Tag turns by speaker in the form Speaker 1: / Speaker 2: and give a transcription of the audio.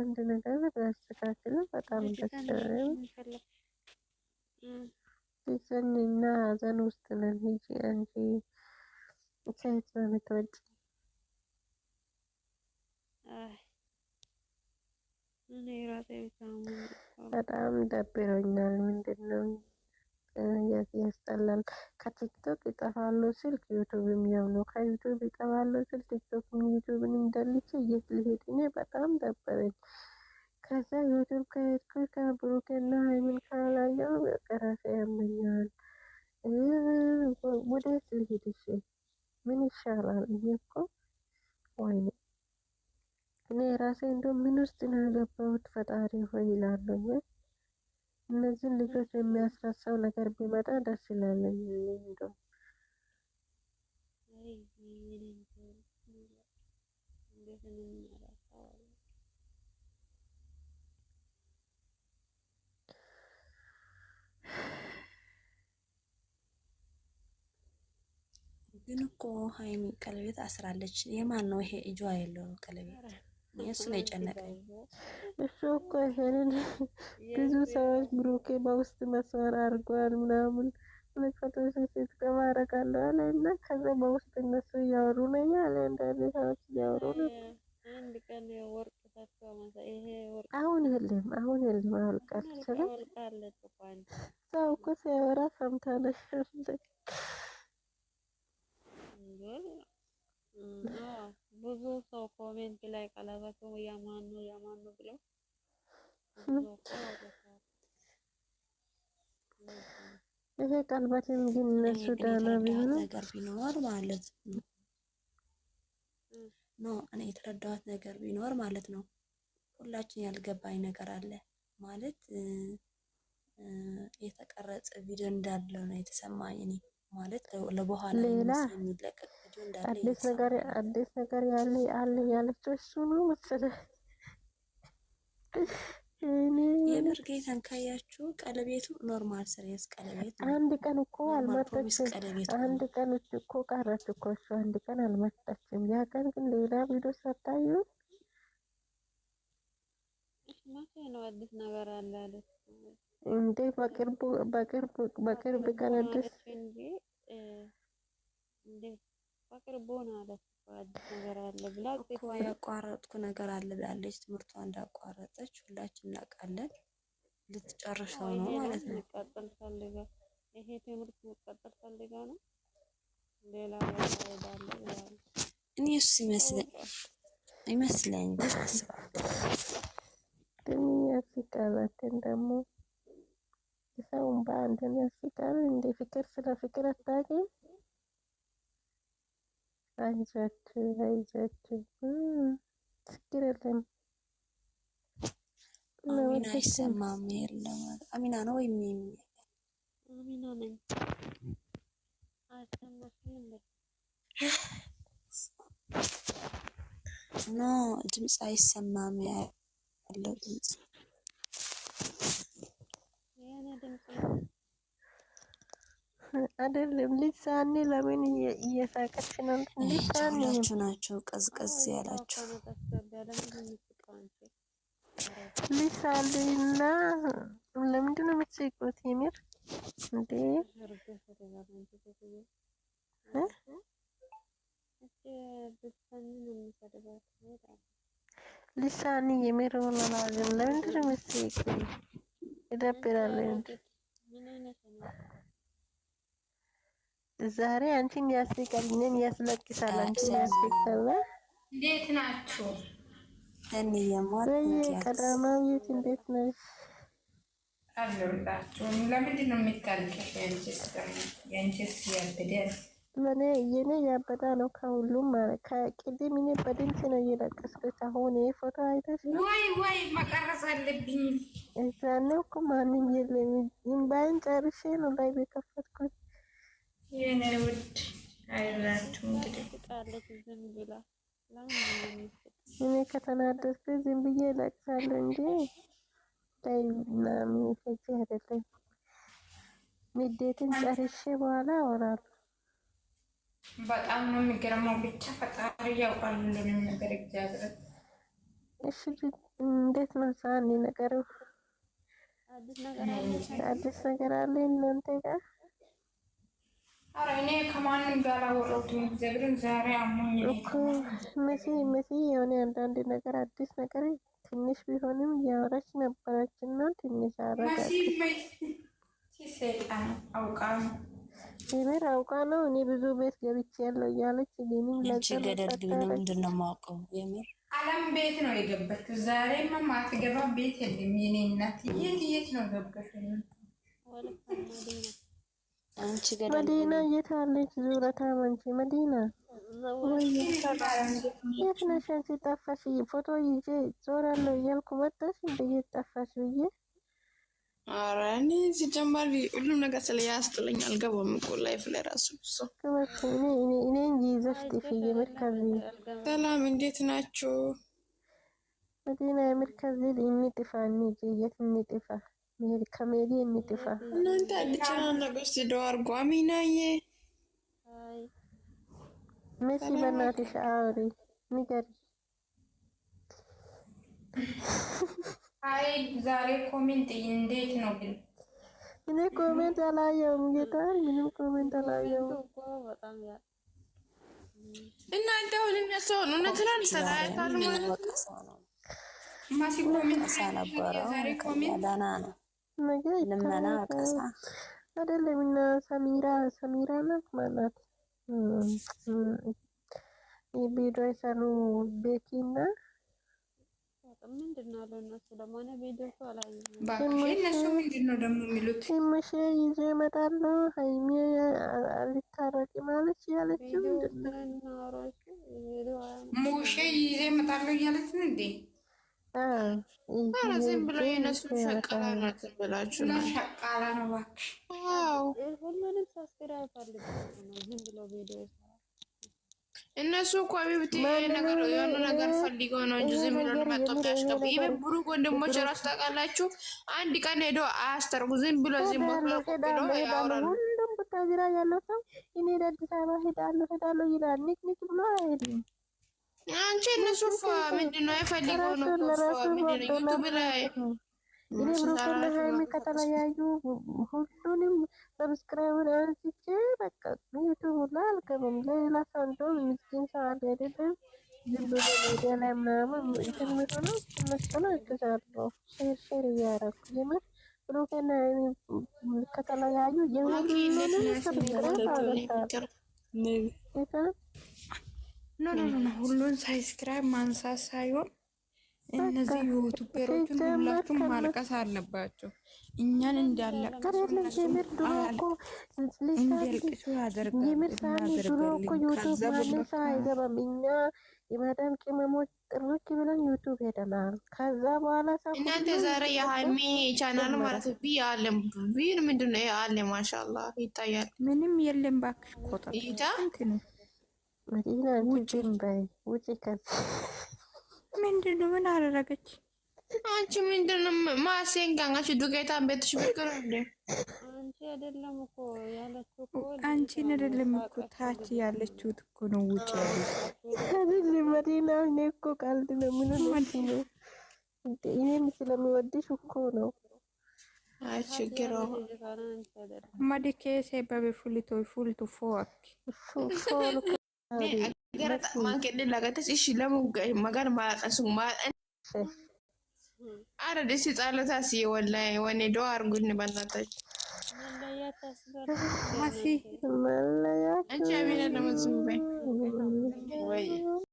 Speaker 1: አንድ ነገር በጣም ደስ እና ሀዘን ውስጥ ነን። ሂጂ አንቺ ቻይት በምትወጪ በጣም ደብሮኛል። ምንድን ነው ያስጠላል። ከቲክቶክ ይጠፋለሁ ስልክ ዩቱብም ያው ነው። ከዩቱብ ይጠፋለሁ ስል ቲክቶክም ዩቱብን እንዳልቼ የት ልሄድ? እኔ በጣም ደበረኝ። ከዛ ዩቱብ ከሄድኩ ከብሩክና ሃይሚን ካላየው ቀረፈ ያመኛል። ወደት ልሄድ? እሺ ምን ይሻላል? እኔ እኮ እኔ ራሴ እንደው ምን ውስጥ ነው የገባሁት? ፈጣሪ ሆይ ይላለሁ። እነዚህን ልጆች የሚያስረሳው ነገር ቢመጣ ደስ ይላለኝ። እንደው
Speaker 2: ግን እኮ ሀይሚ ቀለቤት አስራለች። የማን ነው ይሄ? እጇ የለው ቀለቤት እሱ ነው የጨነቀኝ።
Speaker 1: እሱ እኮ ይሄንን ብዙ ሰዎች ብሩኬ በውስጥ መስመር አድርጓል ምናምን ሁለት መቶ ሴት ተባረካለሁ አለ እና ከዛ በውስጥ እነሱ እያወሩ ነኝ አለ አንዳንድ ሰዎች እያወሩ ነው። አሁን የለም አሁን የለም አልቃለችለም። ሰው እኮ ሲያወራ ሰምታለች።
Speaker 2: ብዙ ሰው ኮሜንት ላይ ቀለበቱ ያማኑ ያማኑ ብለው
Speaker 1: ይሄ ቀለበትም ግን እነሱ ደህና ቢሆኑ ነገር ቢኖር ማለት ነው
Speaker 2: ኖ እኔ የተረዳኋት ነገር ቢኖር ማለት ነው ሁላችን ያልገባኝ ነገር አለ ማለት የተቀረጸ ቪዲዮ እንዳለው ነው የተሰማኝ እኔ ማለት ለበኋላ የሚለቀቅ
Speaker 1: አዲስ ነገር አዲስ ነገር ያለ አለ ያለችው እሱ ነው መሰለ።
Speaker 2: የምር ጌታን ካያችሁ ቀለቤቱ ኖርማል ስሬስ ቀለቤት
Speaker 1: አንድ ቀን እኮ አልመጣችም። አንድ ቀን እኮ ቀረች እኮ እሱ አንድ ቀን አልመጣችም። ያ ቀን ግን ሌላ ቪዲዮ ነው። አዲስ ነገር አለ አለች እንዴ በቅርቡ በቅርቡ በቅርብ ቀን አዲስ
Speaker 2: ነገር አለ ብላ ያቋረጥኩ ነገር አለ ብላለች። ትምህርቷ እንዳቋረጠች ሁላችን እናውቃለን። ልትጨርሰው ነው ማለት ነው። ይሄ ትምህርት መቀጠል ፈልጋ ነው። ሌላ ያዳለ እኔ እሱ ይመስለኝ ይመስለኝ
Speaker 1: ግን ያፊቃላትን ደግሞ تساوم بقى عندنا الفكر عندي فكر سنة فكرة الثاني عايزة عايزة ትግረለን
Speaker 2: አሚን አይሰማም የለም አሚና ነው ወይም አሚና ነኝ ኖ ድምፅ አይሰማም ያለው ድምፅ
Speaker 1: አይደለም። ልጅ ሳኔ ለምን እየሳቀች ነው? ልጅ ሳኔ
Speaker 2: ናቸው ቀዝቀዝ ያላችሁ
Speaker 1: ልጅ ሳሌና ለምንድን ነው የምትስቁት? የሚር እንዴ ልጅ ሳኔ የሚር ሆኖ ለምንድን ነው የምትስቁት? ይደብራል። ዛሬ አንቺን ያስቃል፣ እኔን ያስለቅሳል። አንቺን ያስቃል።
Speaker 2: እንዴት ናችሁ?
Speaker 1: እኔ የሞት ቀዳማዊት እንዴት ነሽ?
Speaker 2: አለሁላችሁ። ለምንድን ነው የምታልቅሽ? የአንቺስ ያብዳል
Speaker 1: ምን የኔ ያበጣ ነው ከሁሉም ማለት ከቅድም እኔ በድምፅ ነው እየለቀስኩት። አሁን ፎቶ አይተሽ
Speaker 2: ወይ ወይ መቀረጽ አለብኝ።
Speaker 1: እዛኔ እኮ ማንም የለም። እምባይን ጨርሼ ነው ላይ የከፈትኩት።
Speaker 2: የኔ ውድ እንግዲህ
Speaker 1: እኔ ከተናደድኩ ዝም ብዬ እለቅሳለሁ እንጂ ላይ ምናምን ፈጅ አይደለም። ንዴትን ጨርሼ በኋላ አወራለሁ።
Speaker 2: በጣም ነው የሚገርመው። ብቻ ፈጣሪ ያውቃል ሁሉንም ነገር እግዚአብሔር።
Speaker 1: እሺ እንዴት ነው ሳኒ ነገሩ? አዲስ ነገር አለ እናንተ ጋር?
Speaker 2: እኔ ከማንም ጋር አላወራሁትም። እግዚአብሔርን ዛሬ አሞኝ እኮ
Speaker 1: መሲ መሲ የሆነ አንዳንድ ነገር አዲስ ነገር ትንሽ ቢሆንም እያወራች ነበረችና ትንሽ አረጋች።
Speaker 2: መሲ አውቃ ነው
Speaker 1: የምር አውቃ እኔ ብዙ ቤት ገብቼ ያለው እያለች እኔንም
Speaker 2: ለገደር ግብነ ምንድን ነው የማውቀው የምር አለም ቤት ነው የገባችው። ዛሬማ ማትገባ ቤት የለም። የኔ የት የት ነው ገባሽ?
Speaker 1: አንቺ ገደል መዲና የት አለች? ዙረታ መንቺ መዲና የት ነሽ? አንቺ ጠፋሽ። ፎቶ ይዤ ዞራለሁ እያልኩ መጣሽ እንደ የት ጠፋሽ ብዬ
Speaker 2: ኧረ እኔ ሲጀመር ሁሉም ነገር ስለ አልገባም እኮ ላይፍ ላይ ራሱ ብሶ ሰላም፣ እንዴት ናችሁ?
Speaker 1: መዲና የምርከዚ እንጥፋ የት የሚጥፋ ከሜዲ የሚጥፋ
Speaker 2: እናንተ አዲችና ነገስ ደው አርጎ አሚናዬ
Speaker 1: ሜሲ በናትሽ አውሪ ንገሪ
Speaker 2: አይ ዛሬ ኮሜንት እንዴት ነው ግን?
Speaker 1: እኔ ኮሜንት አላየሁም ጌታ፣ ምንም ኮሜንት አላየሁም።
Speaker 2: እናንተ ሁን እነሱ እውነትናን ነው ልመና ቀሳ አይደለም።
Speaker 1: እና ሰሚራ ሰሚራ ናት ማለት ቪዲዮ የሰሩ ቤኪ እና አላውቅም። ምንድን ነው
Speaker 2: ያለው እነሱ ለመሆነ ቤደሱ አላየእነሱ ምንድን ነው ደግሞ የሚሉት?
Speaker 1: ትንሽ ይዞ ይመጣሉ። ሀይሜ ልታረቂ ማለች ያለችው
Speaker 2: ሙሽ ይዞ ይመጣሉ እያለች ነው እንዴ? ዝም ብሎ የነሱ ሸቃላ ናት ብላችሁ ሸቃላ ነው እባክሽ። ሁሉንም ሳስገራ ፈልግ ዝም ብሎ ቤደሱ እነሱ እኮ ቤብት ነገር የሆነ ነገር ፈልገው ነው እንጂ ዝም ብሎ መጥቶ ያስገቡ። ይህ ብሩክ ወንድሞች ራሱ ታውቃላችሁ፣ አንድ ቀን ሄዶ አያስተርጉ ዝም ብሎ ዝም ብሎ ያወራሉ። ሁሉም ቡታጅራ ያለው ሰው እኔ አዲስ አበባ ሄዳለሁ ሄዳለሁ ይላል። ኒክ ኒክ ብሎ አይሄድም። አንቺ እነሱ ምንድነው የፈልገው ነው ምንድነው ዩቱብ ላይ
Speaker 1: እኔ ብሩክና ሀይሚ ከተለያዩ ሁሉንም ሰብስክራይበር አንስቼ በቃ ዩቱብ ሁላ አልገባም። ሌላ ሰው እንደውም ምስኪን ሰው አለ አይደለም ዝም ብሎ ሚዲያ ላይ ምናምን እንትን የሚሆነው እነሱ ነው እግዛለሁ ሼር ሼር እያደረኩ የምር ብሩክና ሀይሚ ከተለያዩ የሁሉንም ሰብስክራይበር አገታል
Speaker 2: ኖ ኖ ኖ ሁሉን ሳብስክራይብ ማንሳት ሳይሆን እነዚህ ዩቱበሮችን ሁላችሁም ማልቀስ አለባቸው። እኛን እንዳለቀሱ
Speaker 1: እነሱም የማዳም ቅመሞች ጥርቅ ብለን ዩቱብ ሄደናል። ከዛ በኋላ
Speaker 2: እናንተ ዛሬ የሀይሚ ቻናል ማለት ቢ አለም ቢን ምንድን ነው አለ። ማሻላ ይታያል።
Speaker 1: ምንም የለም ባክሽ፣ ኮታ ውጭ ውጭ ከዚህ ምንድን ነው? ምን አደረገች?
Speaker 2: አንቺ ምንድን ነው? ማሴን ጋንጋሽ ዱቄታን ቤትሽ ብቅር እንዴ? አንቺ
Speaker 1: አይደለም እኮ ያለችው እኮ አንቺን አይደለም እኮ ታች ያለችው እኮ ነው። ውጭ አይደለም መዲና። እኔ እኮ ቀልድ ነው። ምን ነው እኔም ስለሚወድሽ እኮ ነው። አይ ችግር ማዲኬ ሴባቤ ፉሊቶ ፉልቱ ፎክ
Speaker 2: ፎክ gara xamaan kennee lagates ishii lama magaan maaqan sun maaqan. Aara dhisi caalataa si wallahi wani doo arguun ni bannaata. Anchi abina nama zumbee.